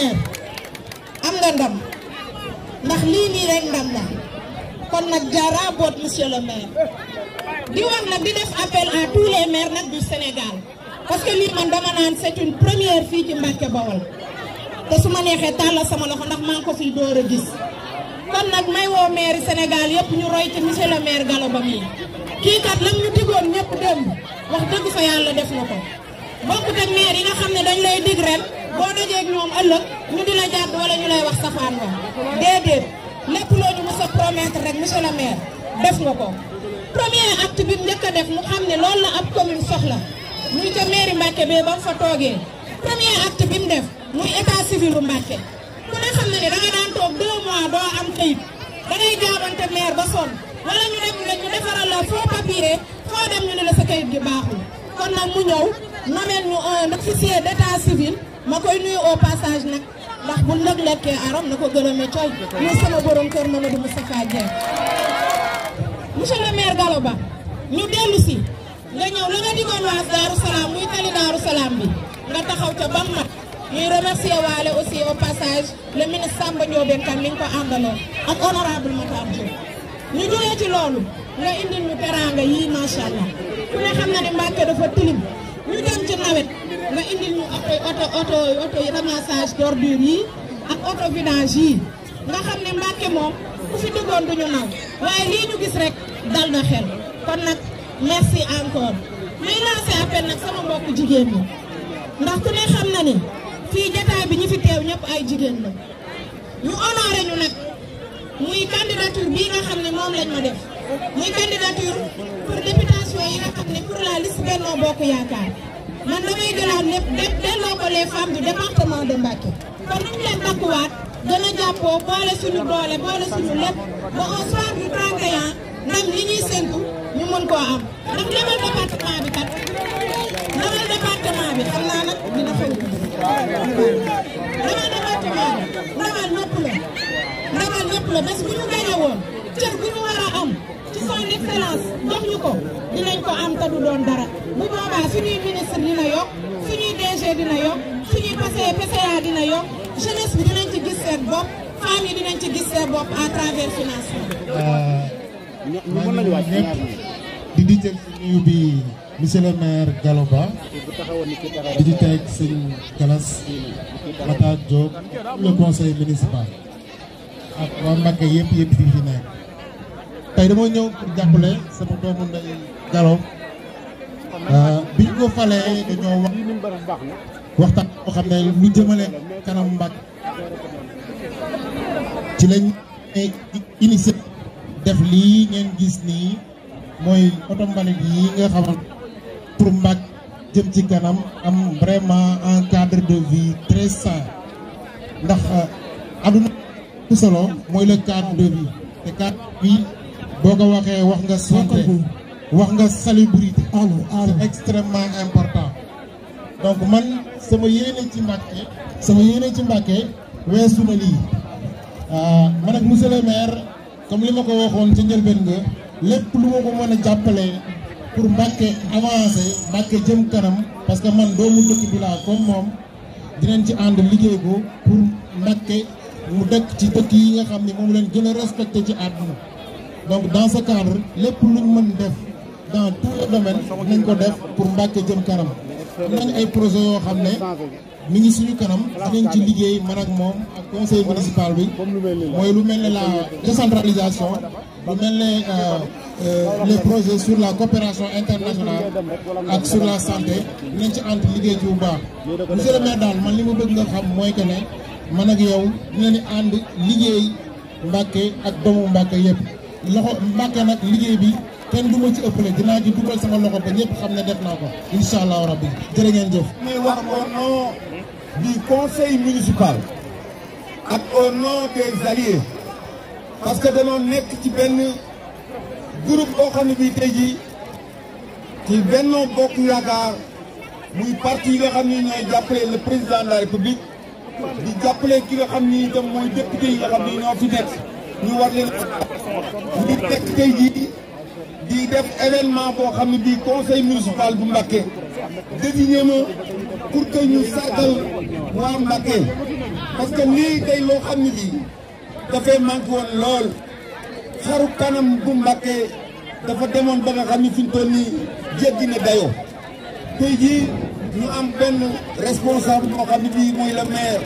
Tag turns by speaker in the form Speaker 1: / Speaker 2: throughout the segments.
Speaker 1: maire am nga ndam ndax lii nii rek ndam la kon nag jaara boot le maire
Speaker 2: di wax nag di def appel à tous les
Speaker 1: nag du Sénégal parce lii man dama naan c'est première fii ci Mbàkke Bawol te su ma neexee tàllal sama loxo ndax maa ko fiy door a gis kon nag may woo maire Sénégal yëpp ñu roy ci monsieur le maire Gallo Ba mii kii kat lam ñu digoon ñëpp démb wax dëgg fa yàlla def na ko bokkut ak maire yi nga xam ne dañ lay dig ren boo dajeeg ñoom ëllëg ñu di la jàdd wala ñu lay wax safaan nga déedéet lépp loo ñu mës a promettre rek bi mu njëkk a def mu xam ne loolu la ab commune soxla muy ca mairie Mbacke bee ba fa toogee premier acte bi mu def muy état civil bu ku ne xam na ne toog deux mois am kayit da jaabante maire ba sonn wala ñu dem ñu defaral la faux papier foo dem ñu ne la sa kayit gi baaxul kon nag mu ñëw nomeel ñu un officier d'état civil. ma koy nuyu au passage nag ndax bu ndëg lekkee arom na ko gërëme cooy muy sama borom kër Mamadou Moustapha Dieng monsieur le maire Gallo Ba ñu dellu nga ñëw la nga digoon waa Daaru muy tali Daaru bi nga taxaw ca bam mat ñuy remercier aussi au passage le ministre Samba Ndiobène Kane mi ko àndaloon ak honorable Matar Diop ñu jógee ci loolu nga indil ñu teraanga yii macha ku ne xam na ne Mbàkke dafa tilim nawet nga indil ñu ak oto oto oto ramassage d'ordures yi ak oto vidange yi nga xam ne Mbàkke moom ku fi duggoon duñu naw waaye lii ñu gis rek dal na xel kon nag merci encore may lancé appel nag sama mbokku jigéen ñi ndax ku ne xam na ni fii jataay bi ñu fi teew ñëpp ay jigéen la ñu honoré ñu nag muy candidature bii nga xam ne moom lañ ma def muy candidature pour députation yi nga xam ne pour la liste Benno man damay jëlaat lépp lépp delloo ko les femmes du département de Mbacké kon ñu leen takkuwaat gën a jàppoo boole suñu doole boole suñu lépp ba au soir du 31 ndam li ñuy séntu ñu mën koo am ndax demal département bi kat demal département bi xam naa nag dina xew demal département bi ndamal ñëpp la ndamal ñëpp la bés bu ñu gañe woon cër bu ñu war a son excellence jox ñu ko dinañ ko am te du doon dara bu boobaa suñuy ministre dina yokk suñuy DG dina yokk suñuy PCA PCA dina yokk jeunesse bi dinañ ci gis seen bopp femmes yi dinañ ci gis seen bopp à travers financement. Euh, nañu wàcc
Speaker 2: di di jël nuyu bi monsieur le Ba
Speaker 1: di di teg sëñ Galas
Speaker 2: Matar Diop le conseil municipal ak waa Mbacké yëpp yëpp di fi nekk. tey dama ñëw pour jàppale sama doomu ndey Galo euh, biñ ko falee dañoo wax waxtaan boo xam ne lu jëmale kanam Mbàkke ci lañ initié def lii ngeen gis nii mooy oto mbalit yi nga xamante pour mbag jëm ci kanam am vraiment en cadre de vie très sain ndax euh, aduna solo mooy le cadre de vie te cadre bi boo ko waxee wax nga santé wax nga salubrité c'est extrêmement important donc man sama yéene ci Mbàkke sama yéene ci Mbàkke weesu na lii euh, man ak monsieur le maire comme li ma ko waxoon ca njëlbeen nga lépp lu ma ko mën jàppale pour Mbàkke avancer Mbàkke jëm kanam parce que man doomu dëkk bi laa comme moom dinañ ci ànd liggéey ko pour Mbàkke mu dëkk ci tëkk yi nga xam ne moom leen gën a respecté ci àdduna donc dans ce cadre lépp luñ mën def dans tous les nañ ko def pour Mbacké jëm kanam am ay projet yoo xam ne mi ngi suñu kanam dinañ ci liggéey man ak moom ak conseil municipal bi mooy lu mel ne la décentralisation lu mel ne euh, euh, les projet sur la coopération internationale ak sur la santé dinañ ci ànd liggéey ci bu baax monsieur le maire daal man li ma bëgg nga xam mooy que ne mën ak yow dinañu ànd liggéey Mbacké ak doomu Mbacké yëpp loxo Mbàkke nag liggéey bi kenn du ma ci ëppale dinaa ci dugal sama loxo ba ñëpp xam ne def naa ko incha allahu rabbi jërë ngeen jëf. ñuy wax au nom du conseil municipal. ak au nom des alliés.
Speaker 3: parce que danoo nekk ci benn groupe boo xam ne bii tey jii ci Benno Bokk Yaakaar muy parti yi nga xam ni ñooy jàppale le président de la république di jàppale ki nga xam ni itam mooy député yi nga xam ni ñoo fi nekk. ñu war leen ñu nekk tey jii di def événement xam ne bii conseil municipal bu Mbacké désigné ma pour que ñu sargal
Speaker 2: waa Mbacké
Speaker 3: parce que lii day loo xam ne bii dafay manqué woon lool xaru kanam bu Mbacké dafa demoon ba nga xam ne fi mu toll nii jéggi na dayoo tey jii ñu am benn responsable boo xam ne bii mooy le maire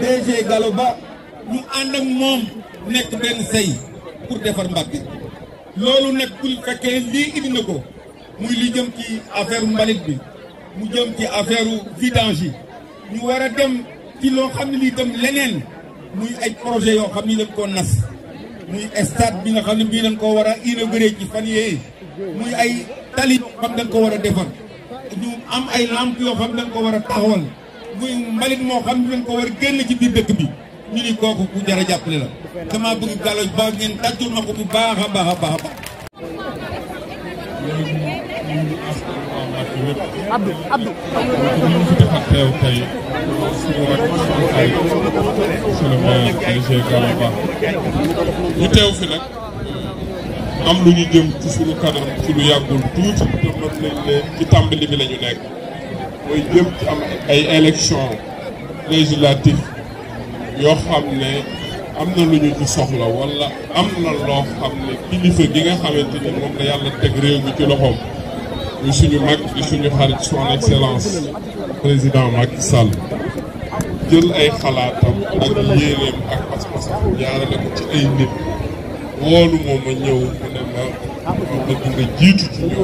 Speaker 3: DG Gallo Ba ñu ànd ak moom. nekk benn sey pour defar Mbacké loolu nag bu fekkee lii indi na ko muy li jëm ci affaire mbalit bi mu jëm ci affaire vidange yi ñu war a dem ci loo xam ne lii dem leneen muy ay projet yoo xam ni dañ koo nas muy stade bi nga xam ne bii dañ koo war a inauguré ci fan yii muy ay tali yoo xam dañ ko war a defar ñu am ay lampe yoo xam dañ ko war a taxawal muy mbalit moo xam ne dañ ko war a génn ci biir dëkk bi. ñu ni kooku ku jar a jàppale la dama bëgg gàllo ba ngeen tàccul ma ko bu baax a baax a
Speaker 4: baax a teew fi nag am lu ñu jëm ci suñu kanam ci lu yàggul tuuti ci tàmbali bi la nekk mooy jëm ci am ay élections législatives yoo xam ne am na lu ñu ci soxla wala am na loo xam ne kilifa gi nga xamante ni moom la yàlla teg réew mi ci loxoom ñu suñu mag di suñu xarit son excellence président Macky Sall jël ay xalaatam ak yéeneem ak pas-pasam jaarale ko ci ay nit woolu moom ma ñëw mu ne ma ma bëgg nga jiitu ci ñëw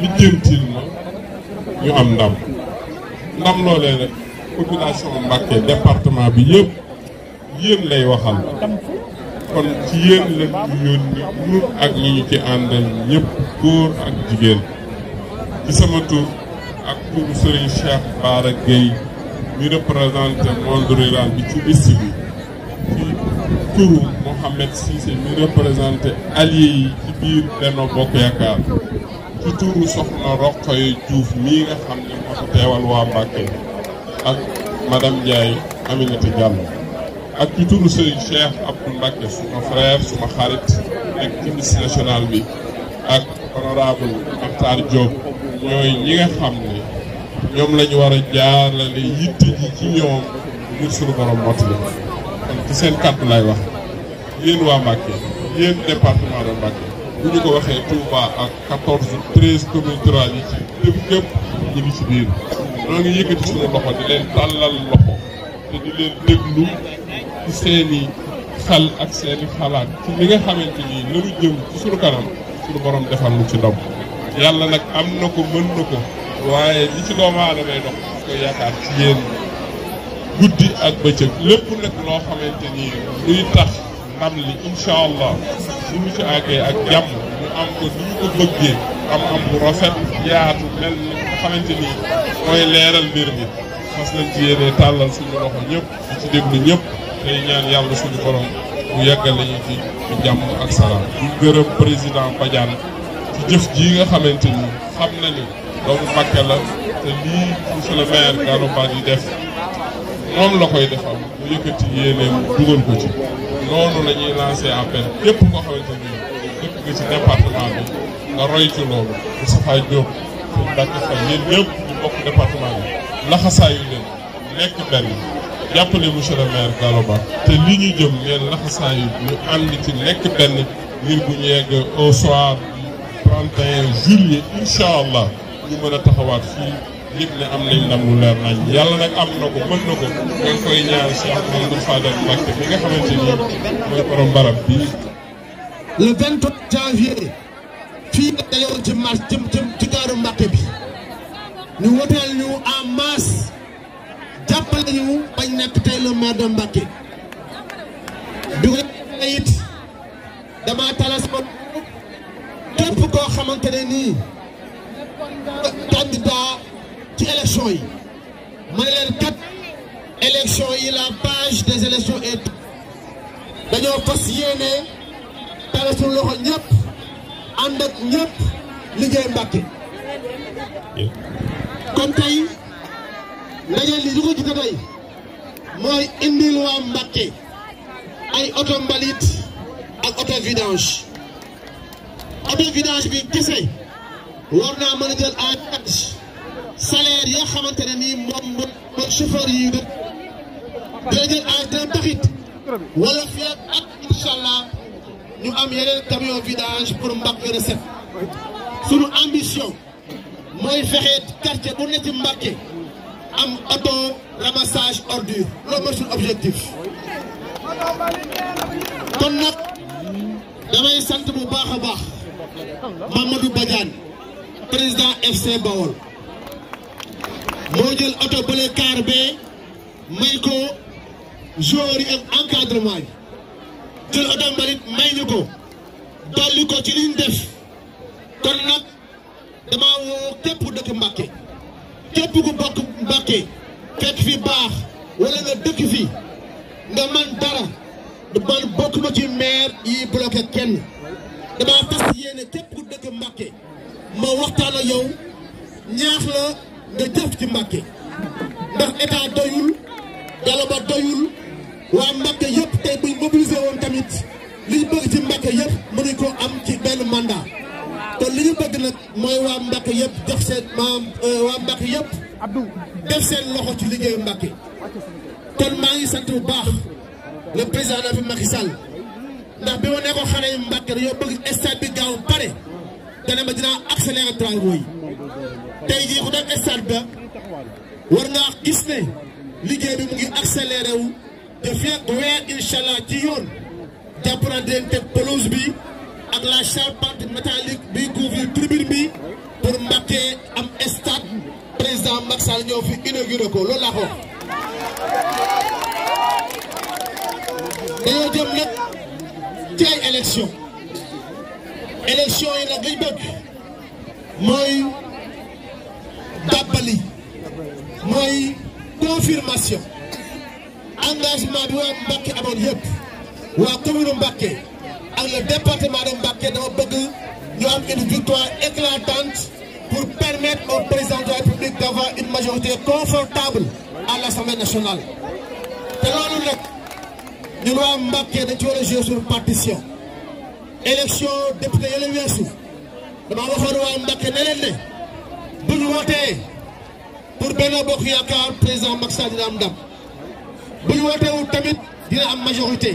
Speaker 4: lijjantil ma ñu am ndam ndam loolee nag population Mbacké département bi yëpp yéen lay waxal kon ci yéen la ñu yónni ñun ak ñi ci àndal ñëpp góor ak jigéen ci sama tur ak turu Serigne Cheikh Bara Gueye mi représenté monde rural bi ci liste bi ci turu Mohamed Cissé mi représenté allié yi ci biir Benno Bokk ci turu Soxna Roqoy Diouf mii nga xam ne moo teewal waa Mbacké ak madame Ndiaye Aminata Diallo ak ci turu Serigne Cheikh Abdou Mbacke suma frère suma xarit nekk ci bi ak honorable Makhtar Diop ñooy ñi nga xam ne ñoom la ñu war a jaarale yitte ji ci ñoom ngir suñu borom mottali kon ci seen kàddu lay wax yéen waa Mbacke yéen département de Mbacke ñu ko waxee Touba ak 14 13 yi ci yëpp yëpp ñu ci biir. ñoo ngi yëkkati suñu loxo di leen tàllal loxo te di leen déglu ci seeni xel ak seeni xalaat ci li nga xamante ni lanu jëm ci suñu kanam suñu borom defal lu ci ndam yàlla nag am na ko mën na ko waaye li ci doomu aadamay dox ko yaakaar ci yéen guddi ak bëccëg lépp nag loo xamante ni luy tax ndam li incha allah suñu ci àggee ak jàmm ñu am ko ni ko bëggee am am bu rafet yaatu mel xamante ni mooy leeral mbir mi fas na ci yéene si suñu loxo ñëpp di ci déglu ñëpp tey ñaan yàlla suñu borom mu yàggal lañu ci jàmm ak salaam. di gërëm président Badiane ci jëf jii nga xamante ni xam nañu ni doomu Mbacké la te lii monsieur le maire Gallo Ba yi def moom la koy defal mu yëkkati yéeneem dugal ko ci noonu la ñuy appel képp koo xamante ni dëkk nga ci département nga roy ci loolu Moustapha Diop Mbacke Faye yéen ñëpp bokk département bi laxasaayu leen nekk benn jàppale monsieur le maire Gallo Ba te li ñu jëm ngeen laxasaayu ñu ànd ci nekk benn ngir bu ñu yegg au soir du 31 juillet incha ñu mën a taxawaat fii yëg ne am nañ ndam lu leer nañ yàlla nag am na ko mën na ko ngeen koy ñaan si ak Mamadou Fadel Mbacke bi nga xamante
Speaker 1: ni
Speaker 5: mooy borom barab bi le 23 janvier fii nga dale woon ci marche ci gaaru Mbàkke bi ñu woteel ñu en masse jàppale ñu bañ nekk tey le maire bi ko it dama tala sama képp koo xamante ne nii candidat ci élection yi ma ne leen kat élection yi la page des élections est dañoo fas yéene tala loxo ñëpp ànd ak ñëpp liggéey Mbàkke kon tey ndaje li lu ko jite tey mooy indil waa Mbàkke ay oto mbalit ak oto vidange oto vidange bi kese war naa a jël en charge salaire yoo xamante ne moom mooy chauffeur yi dë dina jël en taxit wala fiat ak incha ñu am yeneen camion vidange pour Mbacké recette suñu ambition mooy fexe quartier bu ne ci am auto ramassage ordure loolu mooy suñu objectif kon nag damay sant bu baax a baax Mamadou Badiane président FC Bawol moo jël auto bële car be may ko joueur encadrement yi jël oto may ñu ko dolli ko ci liñ def kon nag dama woo képp dëkk Mbàkke képp ku bokk Mbàkke fekk fi baax wala nga dëkk fi nga man dara man bokk ma ci maire yi bloqué kenn dama fas yéene képp dëkk Mbàkke ma waxtaan yow ñaax la nga jëf ci Mbàkke ndax état doyul gala ba doyul waa Mbacké yëpp tey buñ mobilisé woon tamit liñ bëgg ci Mbacké yëpp mënuñ ko am ci benn mandat te li ñu bëgg nag mooy waa Mbacké yëpp def seen maam euh, waa Mbacké yëpp def seen loxo ci liggéeyu Mbacké kon maa ngi sant bu baax le président de la République ndax bi ma ne xale yi Mbacké dañoo bëgg stade bi gaaw pare dana ma dinaa accélérer travaux yi tey jii ku def stade ba war ngaa gis ne liggéey bi mu ngi accéléré wu te fii ak weer incha allah ci yoon jàppalante teg pelouse bi ak la charpente métallique bi couvrir tribune bi pour Mbacké am stade président Macky ñëw fi inauguré ko loolu laa ko wax. dañoo jëm nag ci ay élection élection bëgg mooy dàbbali mooy confirmation. engagement bi waa Mbacké amoon yëpp waa commune Mbacké ak le dama bëgg ñu am une victoire éclatante pour permettre au président République d'avoir une majorité confortable à l'Assemblée nationale te loolu nag ñun waa Mbacké dañ ci war a jouer sur partition député yële weesu dama waxoon waa Mbacké ne ne bu ñu wootee pour Benno Bokk Yaakaar président Macky Sall dina am ndam bu ñu wootewul tamit dina am majorité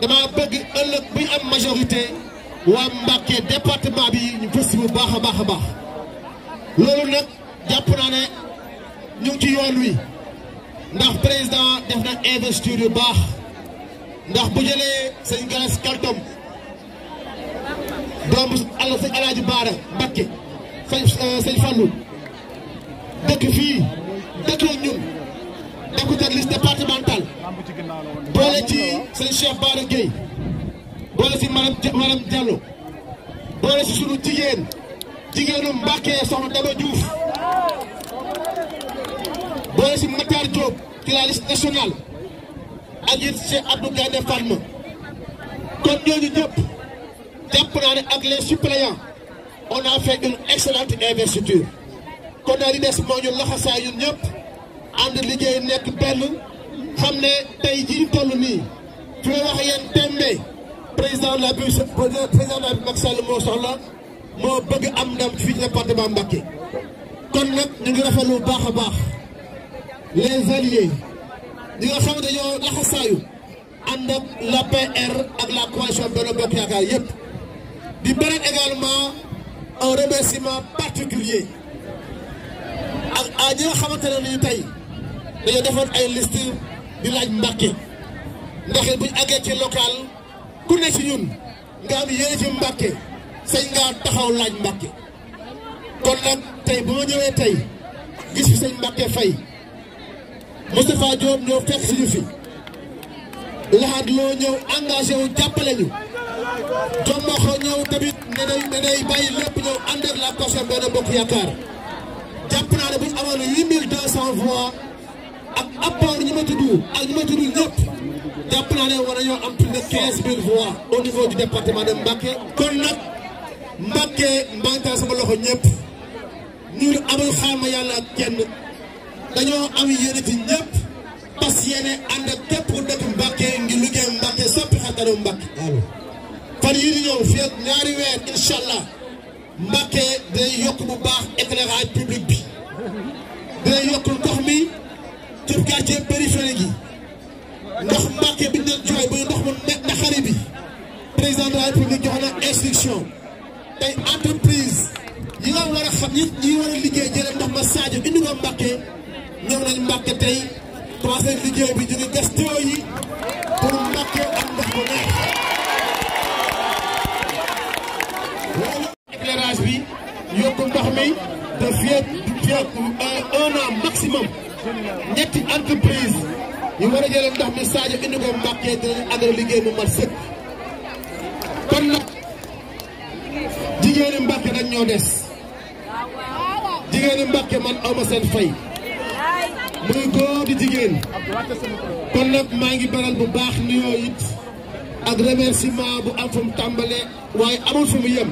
Speaker 5: dama bëgg ëllëg bu am majorité waa Mbàkke département bi ñu gëstu bu baax a baax a baax loolu nag jàpp naa ne ñu ci yoon wi ndax président def na investiture yu baax ndax bu jëlee sëñ Galas Kaltom doomu ala sëñ Alaaji Baara Mbàkke sëñ euh, sëñ dëkk fii sëñ boole si maram maram boole si sunu jigéen jigéenu Mbàkke soxna Daba Diouf boole si Matar Diop ci nationale ak it Cheikh Abdou Gaynde Fatma kon ñooñu ñëpp jàpp naa ne ak les suppléants on a fait investiture kon naa di des moo ñu laxasaay ñun ànd liggéey nekk benn xam ne tey jii ñu nii fi ma wax yéen tembe président de la président de la Macky moo soxla moo bëgg am ndam fii ci département kon nag ñu ngi rafetlu bu baax a baax les alliés ñi nga xam ne dañoo laxasaayu ànd ak l'APR ak la coalition Benno Bokk Yaakaar yëpp di beral également un remerciement particulier ak a ñi nga xamante ne nii tey dañoo defoon ay liste di laaj Mbacké ndax buñ àggee ci local ku ne ci ñun nga am yéene ci Mbàkke sañ ngaa taxaw laaj Mbàkke kon nag tey bu ma ñëwee tey gis fi sëñ Mbàkke Fay Moustapha Diop ñëw fekk si ñu fi laxaat loo ñëw engagé wu jàppale ñu jombaxoo ñëw tamit ne day ne day bàyyi ñëw ànd ak la personne Benno Bokk Yaakaar jàpp naa ne bu ñu amoon huit mille deux cent ak apport ñi ma tudd ak ñi ma tudd ñëpp jàpp naa ne war nañoo am plus de 15000 voix au niveau du de Mbacké. kon nag Mbacké mbàntaa sama loxo ñëpp ñu amul xaama yàlla kenn dañoo am yéene ci ñëpp parce que yéene ànd ak képp ku dëkk Mbacké ngir liggéey Mbacké soppi xarkanam Mbacké. fan yii di ñëw fii ak ñaari weer incha allah day yokk bu baax éclairage public bi day yokk ndox mi. def quartier périphérique yi ndox Mbàkke bi ñu doon jooy ndox mu naxari bi président de la jox na instruction tey entreprise yi nga war a xam ñi ñi war a liggéey jëlee ndox ma Sadio indi Mbàkke ñëw nañ Mbàkke tey liggéey bi jóge gastro yi pour Mbàkke am ndox mu neex éclairage bi yokk ndox mi de fii ak un an maximum ñetti entreprise yu war a jëlee ndox mi Sadio indi ko Mbacké dinañu àndal na bu mat sëkk kon nag jigéeni Mbacké dañ ñoo des jigéeni Mbacké man awma seen fay muy góor di jigéen kon nag maa ngi baral bu baax nuyoo it ak remerciement bu am fu mu tàmbalee waaye amul fu yem